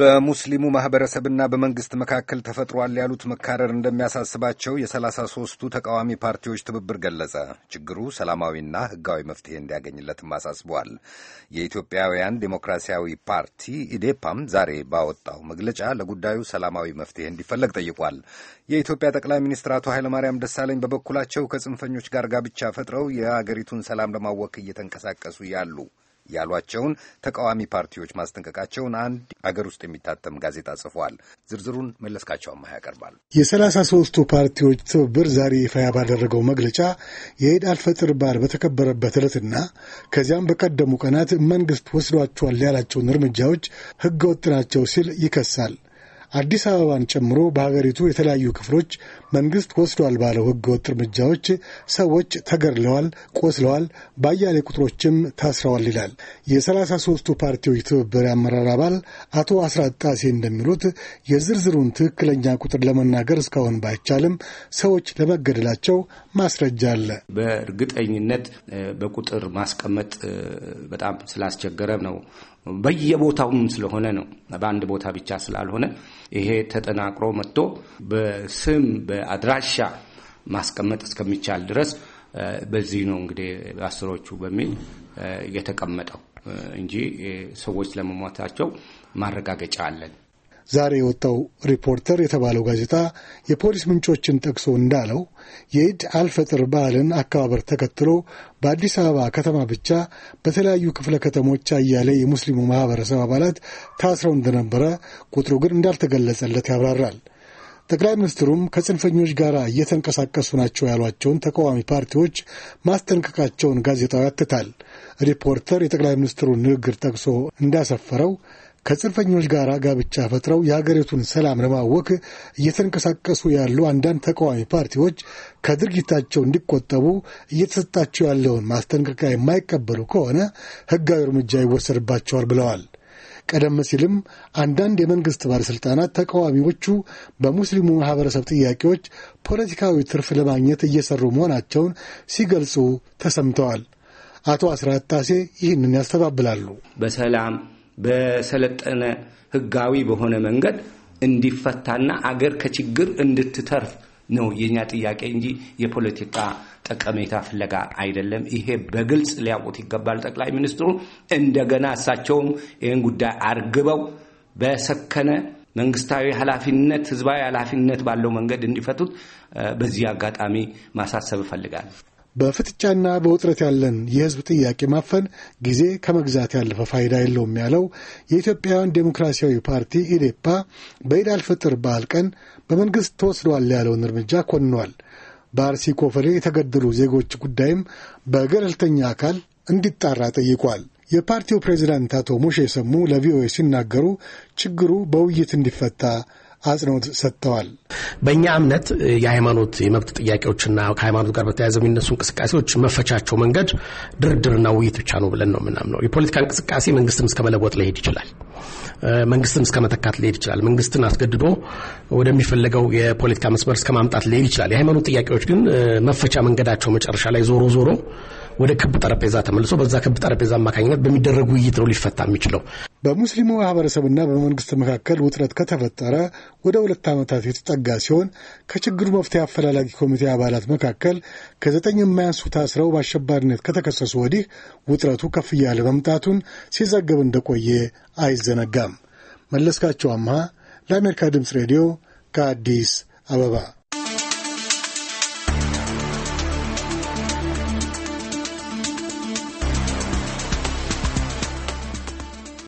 በሙስሊሙ ማህበረሰብና በመንግስት መካከል ተፈጥሯል ያሉት መካረር እንደሚያሳስባቸው የሰላሳ ሶስቱ ተቃዋሚ ፓርቲዎች ትብብር ገለጸ። ችግሩ ሰላማዊና ህጋዊ መፍትሄ እንዲያገኝለትም አሳስበዋል። የኢትዮጵያውያን ዴሞክራሲያዊ ፓርቲ ኢዴፓም ዛሬ ባወጣው መግለጫ ለጉዳዩ ሰላማዊ መፍትሄ እንዲፈለግ ጠይቋል። የኢትዮጵያ ጠቅላይ ሚኒስትር አቶ ኃይለማርያም ደሳለኝ በበኩላቸው ከጽንፈኞች ጋር ጋብቻ ፈጥረው የአገሪቱን ሰላም ለማወክ እየተንቀሳቀሱ ያሉ ያሏቸውን ተቃዋሚ ፓርቲዎች ማስጠንቀቃቸውን አንድ አገር ውስጥ የሚታተም ጋዜጣ ጽፏል። ዝርዝሩን መለስካቸው አማህ ያቀርባል። የሰላሳ ሶስቱ ፓርቲዎች ትብብር ዛሬ ይፋ ባደረገው መግለጫ የኢድ አልፈጥር በዓል በተከበረበት ዕለትና ከዚያም በቀደሙ ቀናት መንግስት ወስዷቸዋል ያላቸውን እርምጃዎች ህገወጥ ናቸው ሲል ይከሳል። አዲስ አበባን ጨምሮ በሀገሪቱ የተለያዩ ክፍሎች መንግስት ወስዷል ባለው ህገወጥ እርምጃዎች ሰዎች ተገድለዋል፣ ቆስለዋል፣ በአያሌ ቁጥሮችም ታስረዋል ይላል። የሰላሳ ሶስቱ ፓርቲዎች ትብብር አመራር አባል አቶ አስራት ጣሴ እንደሚሉት የዝርዝሩን ትክክለኛ ቁጥር ለመናገር እስካሁን ባይቻልም ሰዎች ለመገደላቸው ማስረጃ አለ። በእርግጠኝነት በቁጥር ማስቀመጥ በጣም ስላስቸገረ ነው በየቦታውም ስለሆነ ነው፣ በአንድ ቦታ ብቻ ስላልሆነ ይሄ ተጠናቅሮ መጥቶ በስም በአድራሻ ማስቀመጥ እስከሚቻል ድረስ በዚህ ነው እንግዲህ አስሮቹ በሚል የተቀመጠው እንጂ ሰዎች ለመሟታቸው ማረጋገጫ አለን። ዛሬ የወጣው ሪፖርተር የተባለው ጋዜጣ የፖሊስ ምንጮችን ጠቅሶ እንዳለው የኢድ አልፈጥር በዓልን አከባበር ተከትሎ በአዲስ አበባ ከተማ ብቻ በተለያዩ ክፍለ ከተሞች አያሌ የሙስሊሙ ማህበረሰብ አባላት ታስረው እንደነበረ፣ ቁጥሩ ግን እንዳልተገለጸለት ያብራራል። ጠቅላይ ሚኒስትሩም ከጽንፈኞች ጋር እየተንቀሳቀሱ ናቸው ያሏቸውን ተቃዋሚ ፓርቲዎች ማስጠንቀቃቸውን ጋዜጣው ያትታል። ሪፖርተር የጠቅላይ ሚኒስትሩን ንግግር ጠቅሶ እንዳሰፈረው ከጽንፈኞች ጋር ጋብቻ ፈጥረው የሀገሪቱን ሰላም ለማወክ እየተንቀሳቀሱ ያሉ አንዳንድ ተቃዋሚ ፓርቲዎች ከድርጊታቸው እንዲቆጠቡ እየተሰጣቸው ያለውን ማስጠንቀቂያ የማይቀበሉ ከሆነ ሕጋዊ እርምጃ ይወሰድባቸዋል ብለዋል። ቀደም ሲልም አንዳንድ የመንግስት ባለሥልጣናት ተቃዋሚዎቹ በሙስሊሙ ማኅበረሰብ ጥያቄዎች ፖለቲካዊ ትርፍ ለማግኘት እየሠሩ መሆናቸውን ሲገልጹ ተሰምተዋል። አቶ አስራት ጣሴ ይህንን ያስተባብላሉ። በሰላም በሰለጠነ ህጋዊ በሆነ መንገድ እንዲፈታና አገር ከችግር እንድትተርፍ ነው የኛ ጥያቄ እንጂ የፖለቲካ ጠቀሜታ ፍለጋ አይደለም። ይሄ በግልጽ ሊያውቁት ይገባል ጠቅላይ ሚኒስትሩ። እንደገና እሳቸውም ይህን ጉዳይ አርግበው በሰከነ መንግስታዊ ኃላፊነት፣ ህዝባዊ ኃላፊነት ባለው መንገድ እንዲፈቱት በዚህ አጋጣሚ ማሳሰብ እፈልጋለሁ። በፍጥጫና በውጥረት ያለን የህዝብ ጥያቄ ማፈን ጊዜ ከመግዛት ያለፈ ፋይዳ የለውም ያለው የኢትዮጵያውያን ዴሞክራሲያዊ ፓርቲ ኢዴፓ በኢድ አልፈጥር በዓል ቀን በመንግስት ተወስዷል ያለውን እርምጃ ኮንኗል። በአርሲ ኮፈሌ የተገደሉ ዜጎች ጉዳይም በገለልተኛ አካል እንዲጣራ ጠይቋል። የፓርቲው ፕሬዚዳንት አቶ ሙሼ ሰሙ ለቪኦኤ ሲናገሩ ችግሩ በውይይት እንዲፈታ አጽንኦት ሰጥተዋል። በእኛ እምነት የሃይማኖት የመብት ጥያቄዎችና ከሃይማኖት ጋር በተያያዘ የሚነሱ እንቅስቃሴዎች መፈቻቸው መንገድ ድርድርና ውይይት ብቻ ነው ብለን ነው የምናምነው። የፖለቲካ እንቅስቃሴ መንግስትም እስከ መለወጥ ሊሄድ ይችላል። መንግስትም እስከ መተካት ሊሄድ ይችላል። መንግስትን አስገድዶ ወደሚፈለገው የፖለቲካ መስመር እስከ ማምጣት ሊሄድ ይችላል። የሃይማኖት ጥያቄዎች ግን መፈቻ መንገዳቸው መጨረሻ ላይ ዞሮ ዞሮ ወደ ክብ ጠረጴዛ ተመልሶ በዛ ክብ ጠረጴዛ አማካኝነት በሚደረግ ውይይት ነው ሊፈታ የሚችለው። በሙስሊሙ ማህበረሰብና በመንግስት መካከል ውጥረት ከተፈጠረ ወደ ሁለት ዓመታት የተጠጋ ሲሆን ከችግሩ መፍትሄ አፈላላጊ ኮሚቴ አባላት መካከል ከዘጠኝ የማያንሱ ታስረው በአሸባሪነት ከተከሰሱ ወዲህ ውጥረቱ ከፍ እያለ መምጣቱን ሲዘገብ እንደቆየ አይዘነጋም። መለስካቸው አምሃ ለአሜሪካ ድምፅ ሬዲዮ ከአዲስ አበባ